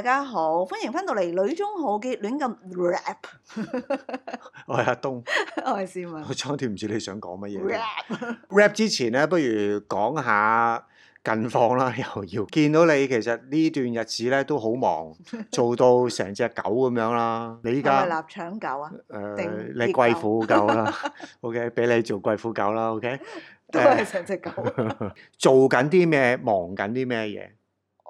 大家好，歡迎翻到嚟《女中豪傑》亂咁 rap。我係阿東，我係詩文。我裝脱唔知你想講乜嘢 rap？rap 之前咧，不如講下近況啦。又要見到你，其實呢段日子咧都好忙，做到成隻狗咁樣啦。你依家係臘腸狗啊？誒，你貴婦狗啦。OK，俾你做貴婦狗啦。OK，都係成隻狗。做緊啲咩？忙緊啲咩嘢？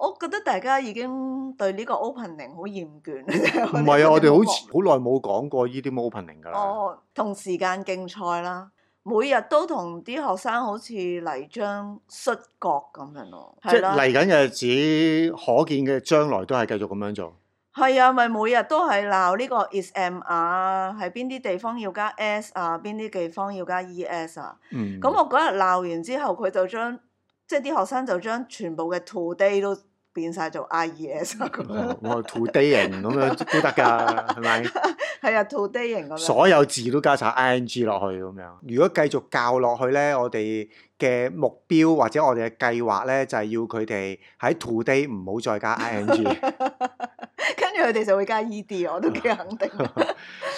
我覺得大家已經對呢個 opening 好厭倦，唔係啊， 我哋們好似好耐冇講過呢啲 opening 㗎啦。哦，同時間競賽啦，每日都同啲學生好似嚟張摔角咁樣咯。即係嚟緊日子，可見嘅將來都係繼續咁樣做。係啊，咪、就是、每日都係鬧呢個 is m r，喺邊啲地方要加 s 啊，邊啲地方要加 es 啊。嗯。咁我嗰日鬧完之後，佢就將即係啲學生就將全部嘅 to day 都。變晒做 I-E-S，我係 to-daying 咁樣都得㗎，係咪 吧？係 啊，to-daying 咁。所有字都加晒 ing 落去咁樣。如果繼續教落去咧，我哋嘅目標或者我哋嘅計劃咧，就係、是、要佢哋喺 to-day 唔好再加 ing。跟住佢哋就會加 ed，我都幾肯定。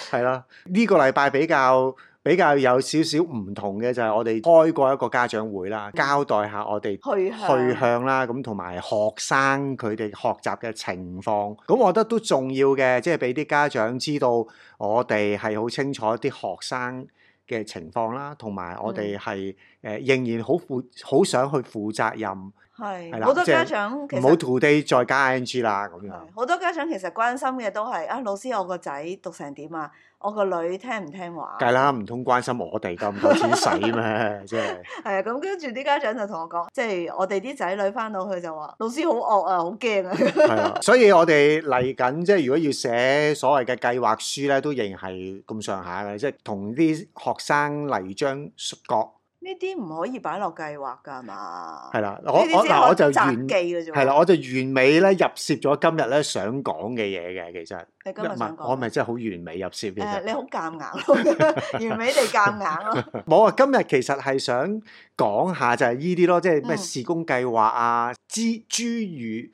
係 啦、 啊，呢、這個禮拜比較。比較有少少唔同嘅就係我哋開過一個家長會啦，交代下我哋去向啦，咁同埋學生佢哋學習嘅情況，咁我覺得都重要嘅，即係俾啲家長知道我哋係好清楚啲學生嘅情況啦，同埋我哋係誒仍然好負好想去負責任。係，好是的多家長唔好 t 地再加 ing 啦咁樣。好多家長其實關心嘅都係啊，老師我個仔讀成點啊？我個女聽唔聽話？梗係啦，唔通關心我哋咁多錢使咩？即係係啊，咁跟住啲家長就同我講，即、就、係、是、我哋啲仔女翻到去就話，老師好惡啊，好驚啊。係 啊，所以我哋嚟緊即係如果要寫所謂嘅計劃書咧，都仍然係咁上下嘅，即係同啲學生嚟張角。呢啲唔可以擺落計劃㗎，係嘛？係啦，我我嗱，我就完係啦，我就完美咧入攝咗今日咧想講嘅嘢嘅，其實。你今日想講？我咪真係好完美入攝嘅。誒、哎，你好夾硬，硬，咯， 完美地夾硬，硬。咯。冇啊，今日其實係想講下就係依啲咯，即係咩事工計劃啊、嗯、諸如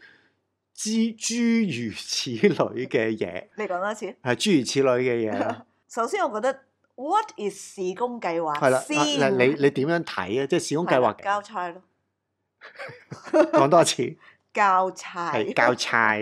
諸如此類嘅嘢。你講多次。係諸如此類嘅嘢。首先，我覺得。What is 事工計劃係啦？你你點樣睇啊？即係事工計劃交差咯。講多次。交差。係交差。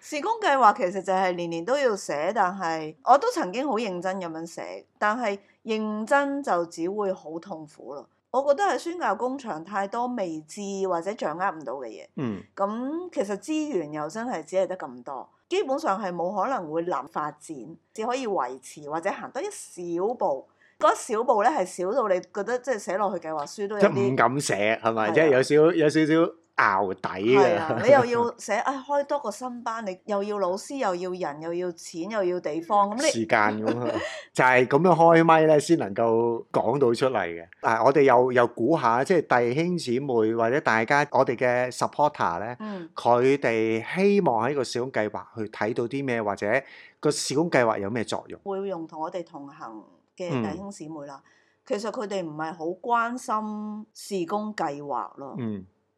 事工計劃其實就係年年都要寫，但係我都曾經好認真咁樣寫，但係認真就只會好痛苦咯。我覺得係宣教工場太多未知或者掌握唔到嘅嘢。嗯。咁其實資源又真係只係得咁多。基本上係冇可能會諗發展，只可以維持或者行多一小步。嗰一小步咧係少到你覺得即係寫落去計劃書都有啲唔敢寫係咪？即係是的 有少有少少。熬底㗎，你又要寫啊，開多個新班，你又要老師，又要人，又要錢，又要地方咁。你時間咁，就係咁樣開咪咧，先能夠講到出嚟嘅。啊，我哋又又估下，即係弟兄姊妹或者大家，我哋嘅 supporter 咧，佢哋希望喺個事工計劃去睇到啲咩，或者個事工計劃有咩作用？會用同我哋同行嘅弟兄姊妹啦。其實佢哋唔係好關心事工計劃咯。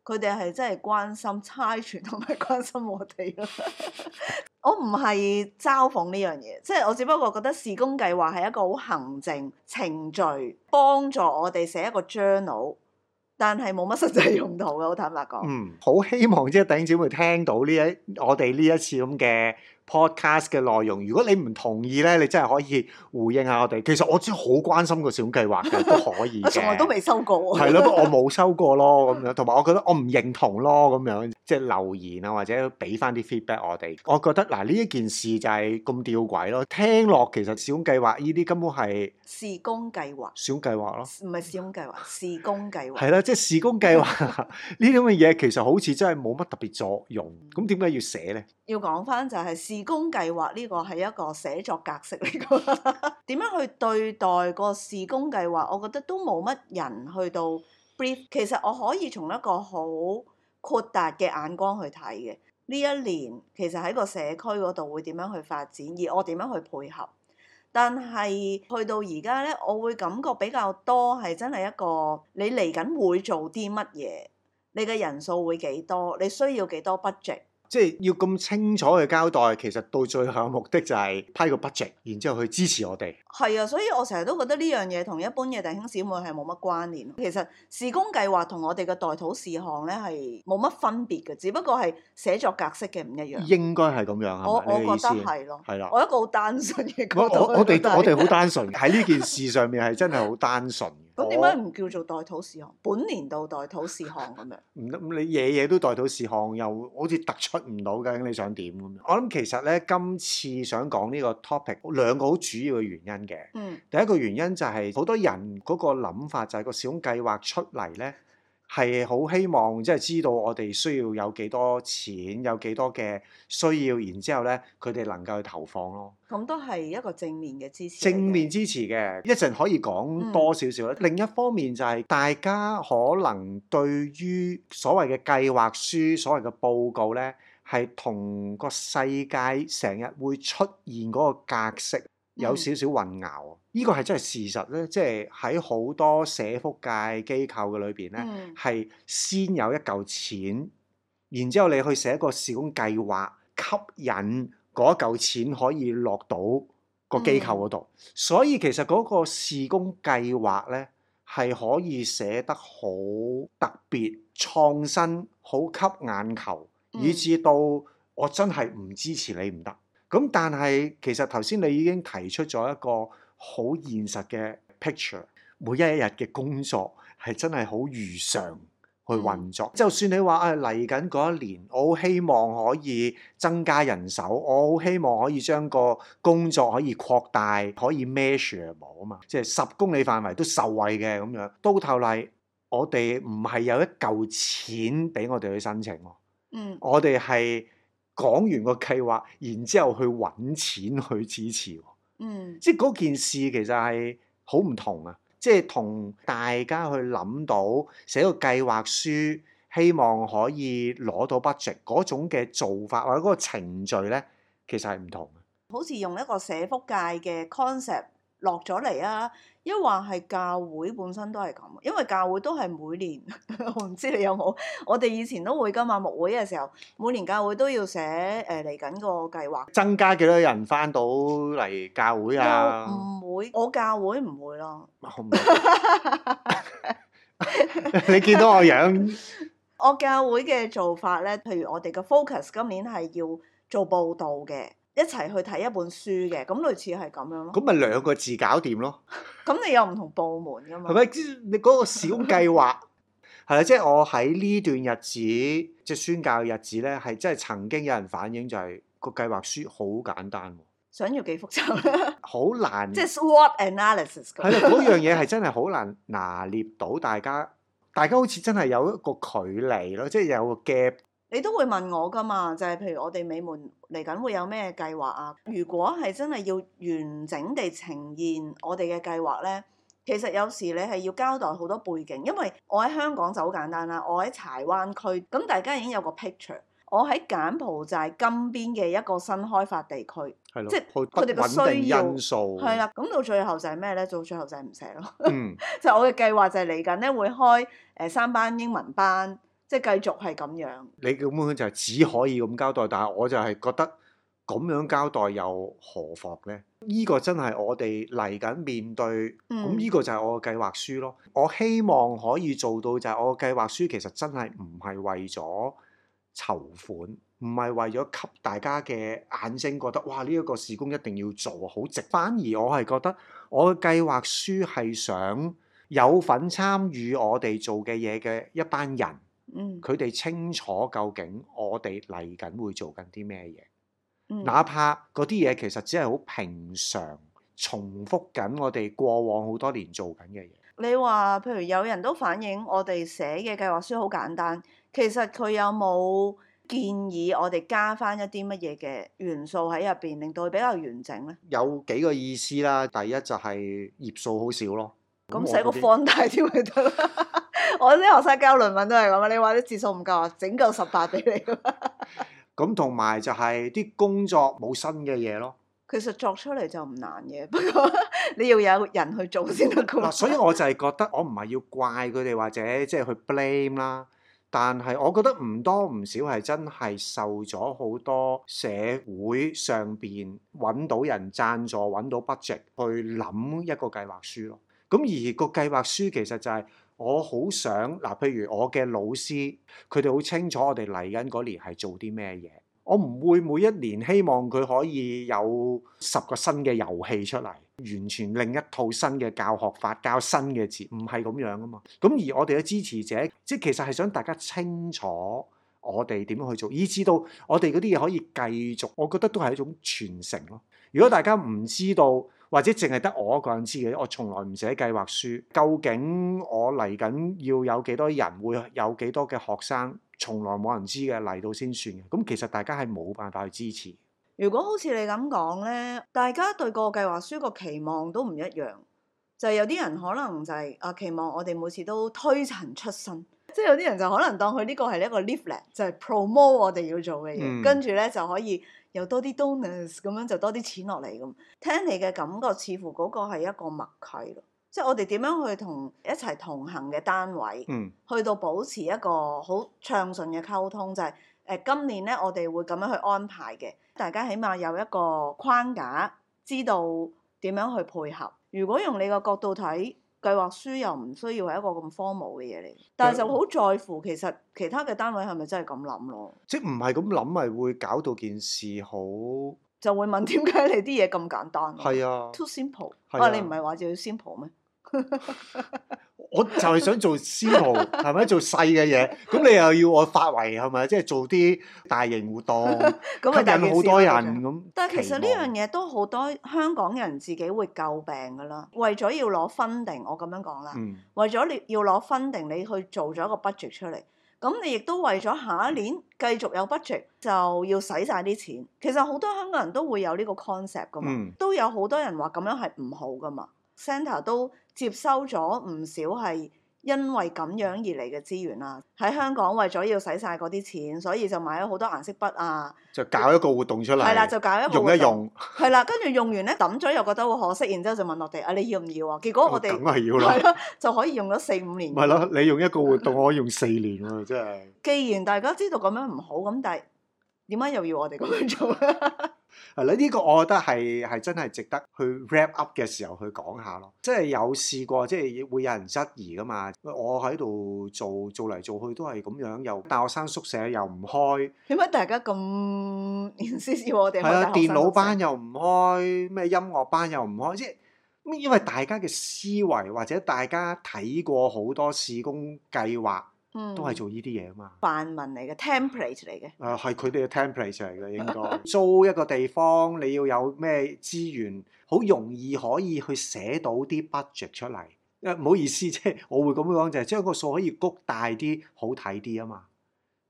佢哋係真係關心差傳同埋關心我哋咯，我唔係嘲諷呢樣嘢，即係我只不過覺得事工計劃係一個好行政程序，幫助我哋寫一個 journal，但係冇乜實際用途嘅，好坦白講。嗯，好希望即係等陣會聽到呢一我哋呢一次咁嘅 podcast 嘅內容，如果你唔同意咧，你真係可以回應下我哋。其實我真係好關心個小計劃嘅，都可以。我從來都未收過。係咯，我冇收過咯，咁樣。同埋我覺得我唔認同咯，咁樣即係留言啊，或者俾翻啲 feedback 我哋。我覺得嗱呢一件事就係咁吊詭咯。聽落其實小計劃呢啲根本係事工計劃。小計劃咯，唔係事工計劃，事工計劃係啦，即係事工計劃呢啲咁嘅嘢，其實好似真係冇乜特別作用。咁點解要寫咧？要講翻就係事。事工計劃呢、這個係一個寫作格式嚟噶，點 樣去對待個事工計劃？我覺得都冇乜人去到 brief。其實我可以從一個好闊達嘅眼光去睇嘅。呢一年其實喺個社區嗰度會點樣去發展，而我點樣去配合？但係去到而家呢，我會感覺比較多係真係一個你嚟緊會做啲乜嘢，你嘅人數會幾多，你需要幾多 budget。即係要咁清楚嘅交代，其實到最後嘅目的就係批個 budget，然之後去支持我哋。係啊，所以我成日都覺得呢樣嘢同一般嘅弟兄姊妹係冇乜關聯。其實事工計劃同我哋嘅代禱事項咧係冇乜分別嘅，只不過係寫作格式嘅唔一樣。應該係咁樣，係咪嘅吧意思？係咯，係啦、啊。我一個好單純嘅。我我哋 我哋好單純喺呢件事上面係真係好單純。 咁點解唔叫做代討事項？本年度代討事項咁樣。唔得， 你夜夜都代討事項，又好似突出唔到，究竟你想點咁樣？我諗其實咧，今次想講呢個 topic 兩個好主要嘅原因嘅。嗯。第一個原因就係、是、好多人嗰個諗法就係個事工計劃出嚟咧。係好希望即係、就是、知道我哋需要有幾多錢，有幾多嘅需要，然之後呢，佢哋能夠去投放咯。咁都係一個正面嘅支持。正面支持嘅，一陣可以講多少少咧。嗯、另一方面就係、是、大家可能對於所謂嘅計劃書、所謂嘅報告呢，係同個世界成日會出現嗰個格式有少少混淆。嗯呢個係真係事實咧，即係喺好多社福界機構嘅裏邊咧，係、嗯、先有一嚿錢，然之後你去寫一個事工計劃，吸引嗰一嚿錢可以落到個機構嗰度。嗯、所以其實嗰個事工計劃咧，係可以寫得好特別、創新、好吸眼球，以至到我真係唔支持你唔得。咁、嗯、但係其實頭先你已經提出咗一個，好現實嘅 picture，每一日嘅工作係真係好如常去運作。就算你話啊嚟緊嗰一年，我好希望可以增加人手，我好希望可以將個工作可以擴大，可以 measurable 啊嘛，即係十公里範圍都受惠嘅咁樣。到頭嚟，我哋唔係有一嚿錢俾我哋去申請，嗯，我哋係講完個計劃，然之後去揾錢去支持。嗯，即係嗰件事其實係好唔同啊！即係同大家去諗到寫個計劃書，希望可以攞到 budget 嗰種嘅做法或者嗰個程序咧，其實係唔同。好似用一個寫社福界嘅 concept 落咗嚟啊！一話係教會本身都係咁，因為教會都係每年，我唔知你有冇，我哋以前都會㗎嘛，木會嘅時候，每年教會都要寫誒嚟緊個計劃，呃、計劃增加幾多人翻到嚟教會啊？唔會，我教會唔會咯。 你見到我樣？ 我教會嘅做法咧，譬如我哋個 focus 今年係要做佈道嘅。一齊去睇一本書嘅，咁類似係咁樣咯。咁咪兩個字搞掂咯。咁你有唔同部門噶嘛？係咪？即係你嗰個事工計劃係啦，即係我喺呢段日子，即係宣教嘅日子咧，係真係曾經有人反映就係個計劃書好簡單，想要幾複雜，好難，即係 SWOT analysis 係啦。嗰樣嘢係真係好難拿捏到大家，大家好似真係有一個距離咯，即係有個 gap。你都會問我噶嘛？就係譬如我哋美門嚟緊會有咩計劃啊？如果係真係要完整地呈現我哋嘅計劃咧，其實有時你係要交代好多背景，因為我喺香港就好簡單啦。我喺柴灣區，咁大家已經有個 picture。我喺柬埔寨金邊嘅一個新開發地區，的即係佢哋嘅需要。係啦，咁到最後就係咩咧？到最後就係唔寫咯。嗯， 就我嘅計劃就係嚟緊咧會開誒三班英文班。即係繼續係咁樣，你根本就只可以咁交代，但係我就係覺得咁樣交代又何妨呢？呢個真係我哋嚟緊面對咁，嗯、呢個就係我嘅計劃書咯。我希望可以做到就係我嘅計劃書，其實真係唔係為咗籌款，唔係為咗給大家嘅眼睛覺得哇！呢一個事工一定要做好值。反而我係覺得我嘅計劃書係想有份參與我哋做嘅嘢嘅一班人。佢哋、嗯、清楚究竟我哋嚟緊會做緊啲咩嘢，嗯、哪怕嗰啲嘢其實只係好平常，重複緊我哋過往好多年做緊嘅嘢。你話譬如有人都反映我哋寫嘅計劃書好簡單，其實佢有冇建議我哋加翻一啲乜嘢嘅元素喺入邊，令到佢比較完整呢？有幾個意思啦，第一就係頁數好少咯，咁、嗯、寫個放大啲咪得啦。 我啲學生交論文都係咁啊！你話啲字數唔夠啊，整夠十八俾你。咁同埋就係啲工作冇新嘅嘢咯。其實作出嚟就唔難嘅，不過你要有人去做先得噶嘛。 所以我就係覺得我唔係要怪佢哋或者即係去 blame 啦。但係我覺得唔多唔少係真係受咗好多社會上邊揾到人贊助、揾到 budget 去諗一個計劃書咯。咁而個計劃書其實就係。我好想嗱，譬如我嘅老師，佢哋好清楚我哋嚟緊嗰年係做啲咩嘢。我唔會每一年希望佢可以有十個新嘅遊戲出嚟，完全另一套新嘅教學法，教新嘅字，唔係咁樣啊嘛。咁而我哋嘅支持者，即係其實係想大家清楚我哋點樣去做，以至到我哋嗰啲嘢可以繼續，我覺得都係一種傳承咯。如果大家唔知道，或者淨係得我一個人知嘅，我從來唔寫計劃書。究竟我嚟緊要有幾多人，會有幾多嘅學生，從來冇人知嘅，嚟到先算嘅。咁其實大家係冇辦法去支持。如果好似你咁講呢，大家對個計劃書個期望都唔一樣，就係有啲人可能就係啊期望我哋每次都推陳出新，即係有啲人就可能當佢呢個係一個 leaflet 就係 promote 我哋要做嘅嘢，嗯、跟住呢，就可以。有多啲 donors 咁樣，就多啲錢落嚟咁，聽你嘅感覺似乎嗰個係一個默契咯，即係我哋點樣去同一齊同行嘅單位，嗯、去到保持一個好暢順嘅溝通，就係、是、誒、呃、今年咧我哋會咁樣去安排嘅，大家起碼有一個框架，知道點樣去配合。如果用你個角度睇。計劃書又唔需要係一個咁荒謬嘅嘢嚟，但係就好在乎其實其他嘅單位係咪真係咁諗咯？即係唔係咁諗，咪會搞到件事好？就會問點解你啲嘢咁簡單？係啊，too simple 啊。啊，你唔係話就要 simple 咩？ 我就係想做司徒，a 係咪做細嘅嘢？咁你又要我發圍係咪？即係、就是、做啲大型活動， 吸引好多人咁。 但係其實呢望樣嘢都好多香港人自己會詬病噶啦。為咗要攞 funding，我咁樣講啦。嗯、為咗你要攞 funding，你去做咗一個 budget 出嚟，咁你亦都為咗下一年繼續有 budget，就要使晒啲錢。其實好多香港人都會有呢個 concept 噶嘛，都有好多人話咁樣係唔好噶嘛。Center 都、嗯。接收咗唔少係因為咁樣而嚟嘅資源啦、啊，喺香港為咗要使晒嗰啲錢，所以就買咗好多顏色筆啊就，就搞一個活動出嚟，就搞一個活動，用一用，係啦，跟住用完咧抌咗又覺得好可惜，然之後就問我哋：「啊你要唔要啊？」結果我哋梗係要啦，就可以用咗四五年，咪咯？你用一個活動，可以用四年喎，即係。既然大家知道咁樣唔好，咁但係點解又要我哋咁樣做？ 係啦，呢個我覺得係係真係值得去 wrap up 嘅時候去講下咯。即係有試過，即係會有人質疑噶嘛。我喺度做做嚟做去都係咁樣，又大學生宿舍又唔開。點解大家咁 insist 我哋？係啊，電腦班又唔開，咩音樂班又唔開？即係因為大家嘅思維，或者大家睇過好多事工計劃。嗯、都係做呢啲嘢啊嘛，範文嚟嘅 template 嚟嘅，啊，係佢哋嘅 template 嚟嘅應該 租一個地方，你要有咩資源，好容易可以去寫到啲 budget 出嚟。啊、唔好意思，即係我會咁樣講，就係將個數可以谷大啲，好睇啲啊嘛，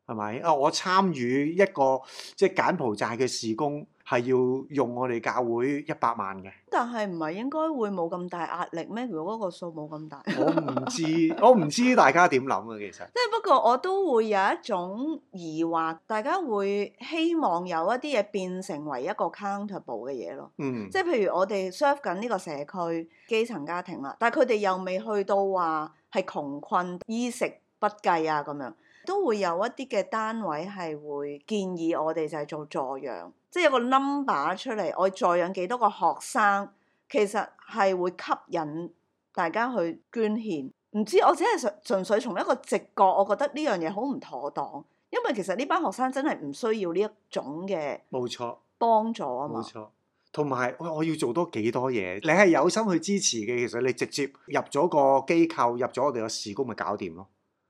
係咪啊？我參與一個即係、就是、柬埔寨嘅事工。係要用我哋教會一百萬嘅，但係唔係應該會冇咁大壓力咩？如果嗰個數冇咁大， 我唔知，我唔知大家點諗啊，其實。即係 不過我都會有一種疑惑，大家會希望有一啲嘢變成為一個 countable 嘅嘢咯。嗯。即係譬如我哋 serve 緊呢個社區、基層家庭啦，但係佢哋又未去到話係窮困衣食不繼啊咁樣。都會有一啲嘅單位係會建議我哋就係做助養，即係有個 number 出嚟，我助養幾多個學生，其實係會吸引大家去捐獻。唔知，我只係純粹從一個直覺，我覺得呢樣嘢好唔妥當，因為其實呢班學生真係唔需要呢一種嘅冇錯幫助啊嘛。冇錯錯，同埋吧我要做多幾多嘢？你係有心去支持嘅，其實你直接入咗個機構，入咗我哋個事工，咪搞掂咯。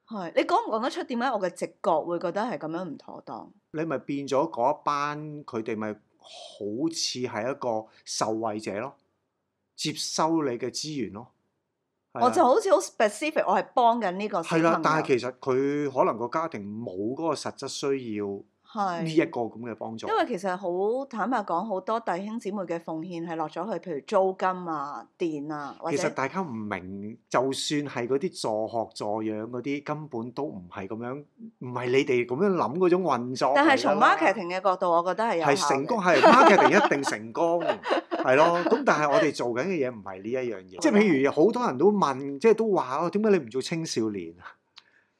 係，你講唔講得出點解我嘅直覺會覺得係咁樣唔妥當？你咪變咗嗰一班佢哋咪好似係一個受惠者咯，接收你嘅資源咯。啊、我就好似好 specific，我係幫緊呢個。係啦、啊，但係其實佢可能個家庭冇嗰個實質需要。係呢一個咁嘅幫助。因為其實好坦白講，好多弟兄姊妹嘅奉獻係落咗去，譬如租金啊、電啊，或者其實大家唔明，就算係嗰啲助學助養嗰啲，根本都唔係咁樣，唔係你哋咁樣諗嗰種運作啊。但係從 marketing 嘅角度，我覺得係係成功係 marketing 一定成功，係咯？咁但係我哋做緊嘅嘢唔係呢一樣嘢。 即係譬如好多人都問，即係都話啊，哦，點解你唔做青少年啊？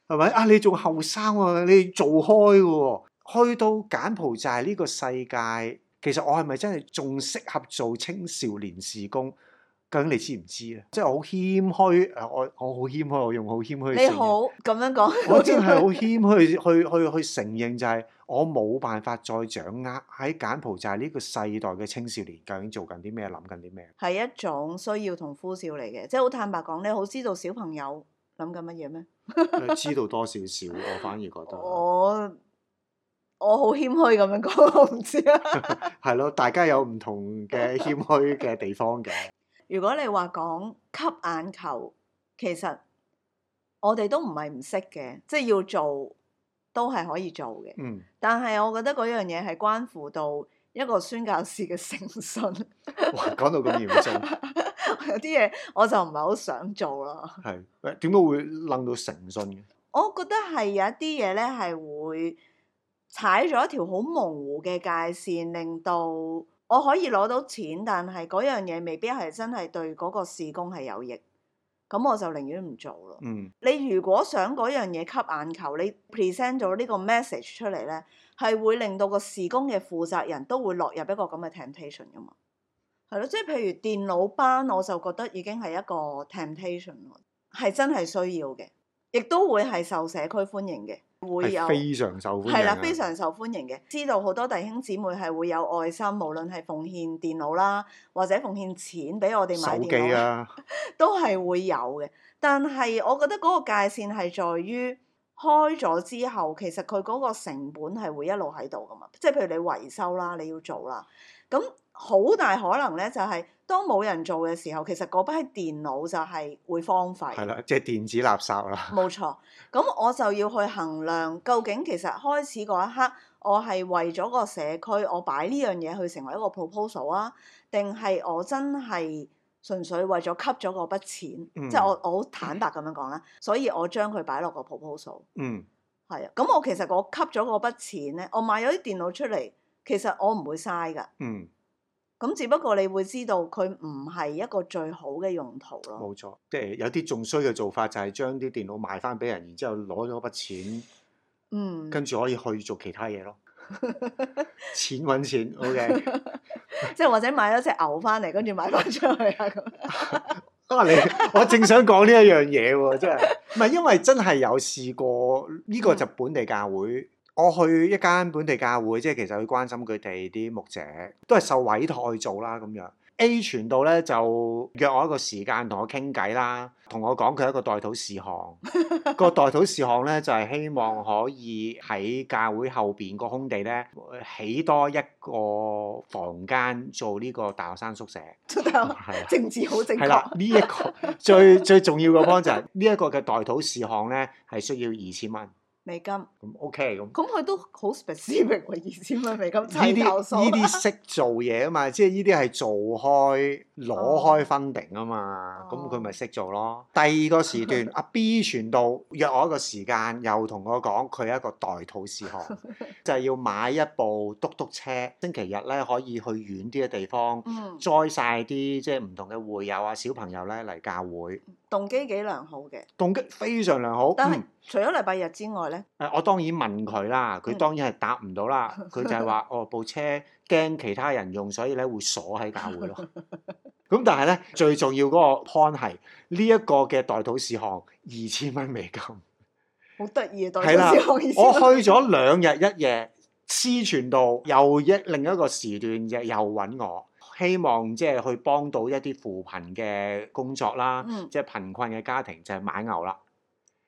係咪啊？你仲後生喎，你做開嘅喎。去到柬埔寨呢個世界，其實我係咪真係仲適合做青少年事工？究竟你知唔知啊？即係我好謙虛，我我好謙虛，我用好謙虛。你好咁樣講，我真係好謙虛，去去去承認就係我冇辦法再掌握喺柬埔寨呢個世代嘅青少年究竟做緊啲咩、諗緊啲咩。係一種需要同呼召嚟嘅，即係好坦白講咧，你好知道小朋友諗緊乜嘢咩？ 知道多少少，我反而覺得 我。我好謙虛咁樣講，我唔知啊。係咯， 大家有唔同嘅謙虛嘅地方嘅。 如果你話講吸眼球，其實我哋都唔係唔識嘅，即係要做都係可以做嘅。嗯。但係我覺得嗰樣嘢係關乎到一個宣教士嘅誠信。 哇！講到咁嚴重， 有啲嘢我就唔係好想做咯。係誒？點解會掟到誠信嘅？ 我覺得係有一啲嘢咧，係會。踩咗一條好模糊嘅界線，令到我可以攞到錢，但係嗰樣嘢未必係真係對嗰個事工係有益。咁我就寧願唔做咯。嗯，你如果想嗰樣嘢吸眼球，你 present 咗呢個 message 出嚟咧，係會令到個事工嘅負責人都會落入一個咁嘅 temptation 㗎嘛。係咯，即係譬如電腦班，我就覺得已經係一個 temptation 咯，係真係需要嘅，亦都會係受社區歡迎嘅。會有非常受歡迎，係啦、啊，非常受歡迎嘅。知道好多弟兄姊妹係會有愛心，無論係奉獻電腦啦，或者奉獻錢俾我哋買電腦手機啊，都係會有嘅。但係我覺得嗰個界線係在於開咗之後，其實佢嗰個成本係會一路喺度㗎嘛。即係譬如你維修啦，你要做啦，咁好大可能咧就係、是。當冇人做嘅時候，其實嗰批電腦就係會荒廢。係啦，即係電子垃圾啦。冇錯，咁我就要去衡量，究竟其實開始嗰一刻，我係為咗個社區，我擺呢樣嘢去成為一個 proposal 啊？定係我真係純粹為咗吸咗嗰筆錢？嗯、即係我我好坦白咁樣講啦，所以我將佢擺落個 proposal。嗯，係啊，咁我其實我吸咗嗰筆錢咧，我買咗啲電腦出嚟，其實我唔會嘥㗎。嗯。咁只不過你會知道佢唔係一個最好嘅用途咯。冇錯，即係有啲仲衰嘅做法就係將啲電腦賣翻俾人，然之後攞咗筆錢，嗯，跟住可以去做其他嘢咯。錢揾錢，OK， 即係或者買咗隻牛翻嚟，跟住買翻出去啊咁。 啊，你我正想講呢一樣嘢喎，即係唔係因為真係有試過呢個就本地教會。嗯我去一間本地教會，即係其實去關心佢哋啲牧者，都係受委託去做啦咁樣。A 傳道咧就約我一個時間同我傾偈啦，同我講佢一個代禱事項。個 代禱事項咧就係、是、希望可以喺教會後邊個空地咧起多一個房間做呢個大學生宿舍。係 政治好正確。係 啦，呢、這、一個最 最，最重要嘅幫就係呢一個嘅代禱事項咧，係需要二千蚊美金咁、嗯、OK，咁咁佢都好 specific 嘅，二千蚊美金真呢啲呢啲識做嘢啊嘛， 即係呢啲係做開攞開 funding 啊嘛，咁佢咪識做咯。第二個時段， 阿 B 傳道約我一個時間，又同我講佢一個代禱事項， 就係要買一部嘟嘟車，星期日咧可以去遠啲嘅地方，載晒啲即係唔同嘅會友啊小朋友咧嚟教會。動機幾良好嘅，動機非常良好。但係除咗禮拜日之外咧，誒我當然問佢啦，佢當然係答唔到啦。佢就係話：哦部車驚其他人用，所以咧會鎖喺教會咯。咁但係咧最重要嗰個 point 係呢一個嘅代禱事項，二千蚊美金，好得意嘅代禱事項。我去咗兩日一夜，私傳道又一另一個時段又揾我。希望即係去幫到一啲扶貧嘅工作啦，嗯、即係貧困嘅家庭就係買牛啦，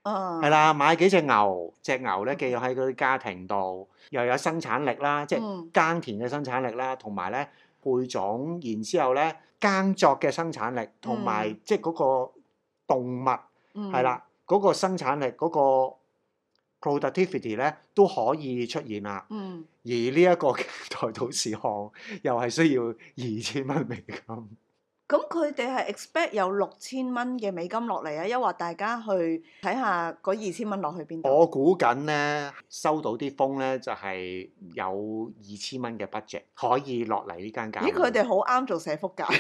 係啦、嗯，買幾隻牛，隻牛咧寄喺佢啲家庭度，又有生產力啦，即係、嗯、耕田嘅生產力啦，同埋咧配種，然之後咧耕作嘅生產力，同埋即係嗰個動物係啦，嗰、嗰個生產力嗰、嗰個。productivity 咧都可以出現啦，嗯、而呢一個台島事項又係需要二千蚊美金。咁佢哋、嗯、係 expect 有六千蚊嘅美金落嚟啊？一話大家去睇下嗰二千蚊落去邊度。我估緊咧收到啲風咧就係、是、有二千蚊嘅 budget 可以落嚟呢間間。咦？佢哋好啱做社福㗎。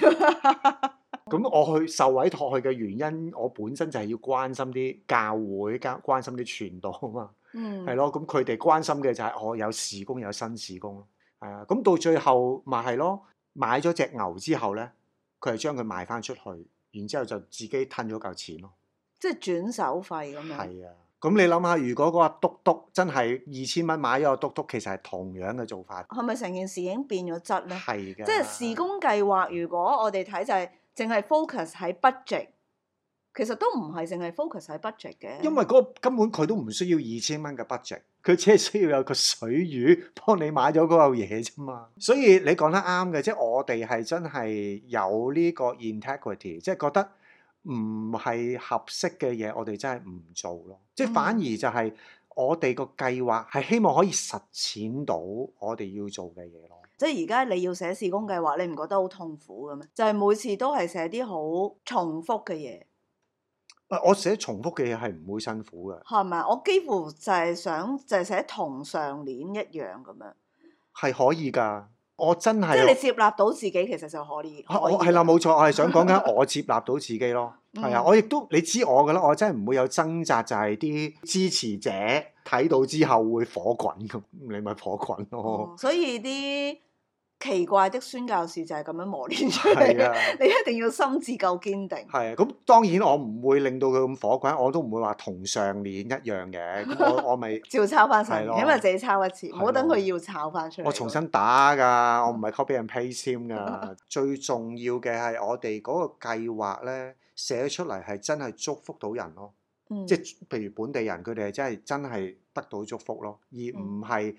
咁我去受委託去嘅原因，我本身就係要關心啲教會，關心、嗯、關心啲傳道啊嘛，係咯。咁佢哋關心嘅就係我有事工有新事工咯。係啊，咁到最後咪係咯，買咗隻牛之後咧，佢係將佢賣翻出去，然之後就自己吞咗嚿錢咯。即係轉手費咁樣。係啊，咁你諗下，如果嗰個篤篤真係二千蚊買咗個篤篤，其實係同樣嘅做法。係咪成件事已經變咗質咧？係嘅，即係事工計劃。如果我哋睇就係、是。淨係 focus 喺 budget，其實都唔係淨係 focus 喺 budget 嘅。因為嗰根本佢都唔需要二千蚊嘅 budget，佢只係需要有個水魚幫你買咗嗰個嘢啫嘛。所以你講得啱嘅，即係我哋係真係有呢個 integrity，即係覺得唔係合適嘅嘢，我哋真係唔做咯。即係反而就係我哋個計劃係希望可以實踐到我哋要做嘅嘢咯。即係而家你要寫事工計劃，你唔覺得好痛苦嘅咩？就係、是、每次都係寫啲好重複嘅嘢。唔我寫重複嘅嘢係唔會辛苦嘅，係咪？我幾乎就係想就係、是、寫同上年一樣咁樣。係可以㗎，我真係即係你接納到自己，其實就可以。可以我係啦，冇錯，我係想講緊 我接納到自己咯。係啊，我亦都你知我㗎啦，我真係唔會有掙扎，就係啲支持者睇到之後會火滾咁，你咪火滾咯、嗯。所以啲。奇怪的宣教士就係咁樣磨練出嚟嘅，的 你一定要心智夠堅定。係啊，咁當然我唔會令到佢咁火滾，我都唔會話同上年一樣嘅。我我咪 照抄翻曬，的因為自己抄一次，唔好等佢要抄翻出嚟。我重新打㗎，我唔係 copy and paste 㗎。嗯、最重要嘅係我哋嗰個計劃咧寫出嚟係真係祝福到人咯，嗯、即係譬如本地人佢哋係真係真係得到祝福咯，而唔係，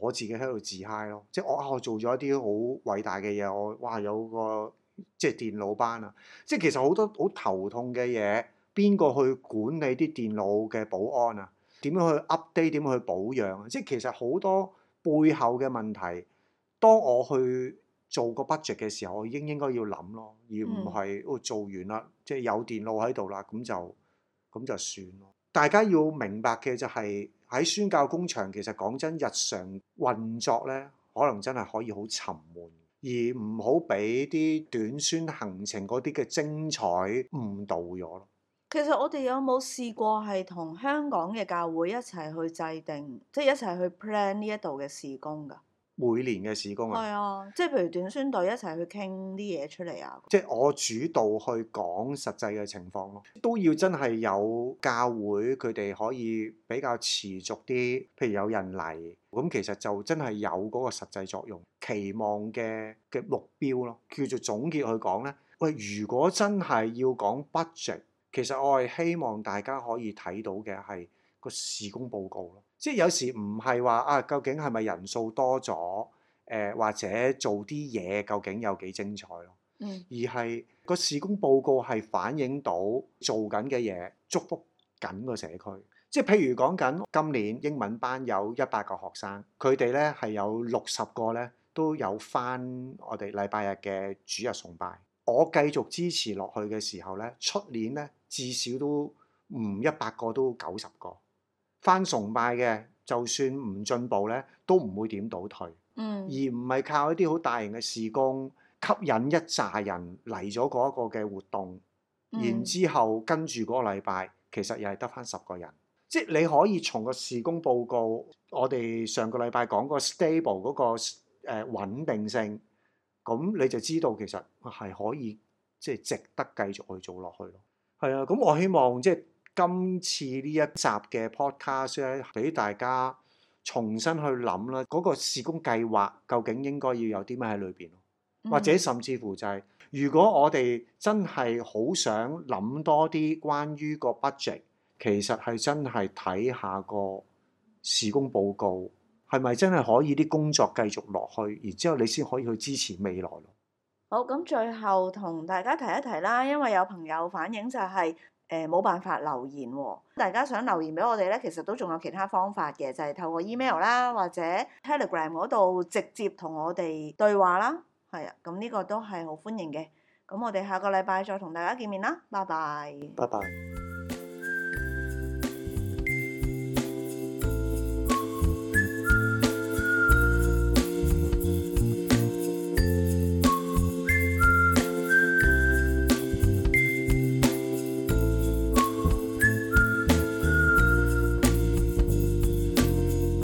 我自己喺度自 high 咯，即係我我做咗一啲好偉大嘅嘢，我哇有個即係電腦班啊，即係其實好多好頭痛嘅嘢，邊個去管理啲電腦嘅保安啊？點樣去 update？點樣去保養啊？即係其實好多背後嘅問題，當我去做個 budget 嘅時候，我應應該要諗咯，而唔係哦做完啦，即係有電腦喺度啦，咁就咁就算咯。大家要明白嘅就係。喺宣教工場，其實講真，日常運作咧，可能真係可以好沉悶，而唔好俾啲短宣行程嗰啲嘅精彩誤導咗咯。其實我哋有冇試過係同香港嘅教會一齊去制定，即係一齊去 plan 呢一度嘅事工㗎？每年嘅事工啊，係 啊，嗯、即係譬如短宣隊一齊去傾啲嘢出嚟啊，即係我主導去講實際嘅情況咯，都要真係有教會佢哋可以比較持續啲，譬如有人嚟，咁、嗯、其實就真係有嗰個實際作用。期望嘅嘅目標咯，叫做總結去講呢。喂，如果真係要講 budget，其實我係希望大家可以睇到嘅係個事工報告咯。即係有時唔係話啊，究竟係咪人數多咗？誒、呃，或者做啲嘢究竟有幾精彩咯、啊？嗯。而係個事工報告係反映到做緊嘅嘢，祝福緊個社區。即係譬如講緊今年英文班有一百個學生，佢哋呢係有六十個呢都有翻我哋禮拜日嘅主日崇拜。我繼續支持落去嘅時候呢，出年呢至少都唔一百個都九十個。翻崇拜嘅，就算唔進步呢，都唔會點倒退。嗯，而唔係靠一啲好大型嘅事工吸引一紮人嚟咗嗰個嘅活動，嗯、然之後跟住嗰個禮拜，其實又係得翻十個人。即係你可以從個事工報告，我哋上個禮拜講、個 stable 嗰個誒穩定性，咁你就知道其實係可以即係、就是、值得繼續去做落去咯。係啊，咁我希望即係。今次呢一集嘅 podcast 咧，俾大家重新去諗啦。嗰個事工計劃究竟應該要有啲咩喺裏邊，或者甚至乎就係，如果我哋真係好想諗多啲關於個 budget，其實係真係睇下個事工報告，係咪真係可以啲工作繼續落去，然之後你先可以去支持未來咯。好，咁，最後同大家提一提啦，因為有朋友反映就係。誒冇辦法留言喎、哦，大家想留言俾我哋咧，其實都仲有其他方法嘅，就係、是、透過 email 啦，或者 telegram 嗰度直接同我哋對話啦，係啊，咁、這、呢個都係好歡迎嘅。咁我哋下個禮拜再同大家見面啦，拜拜。拜拜。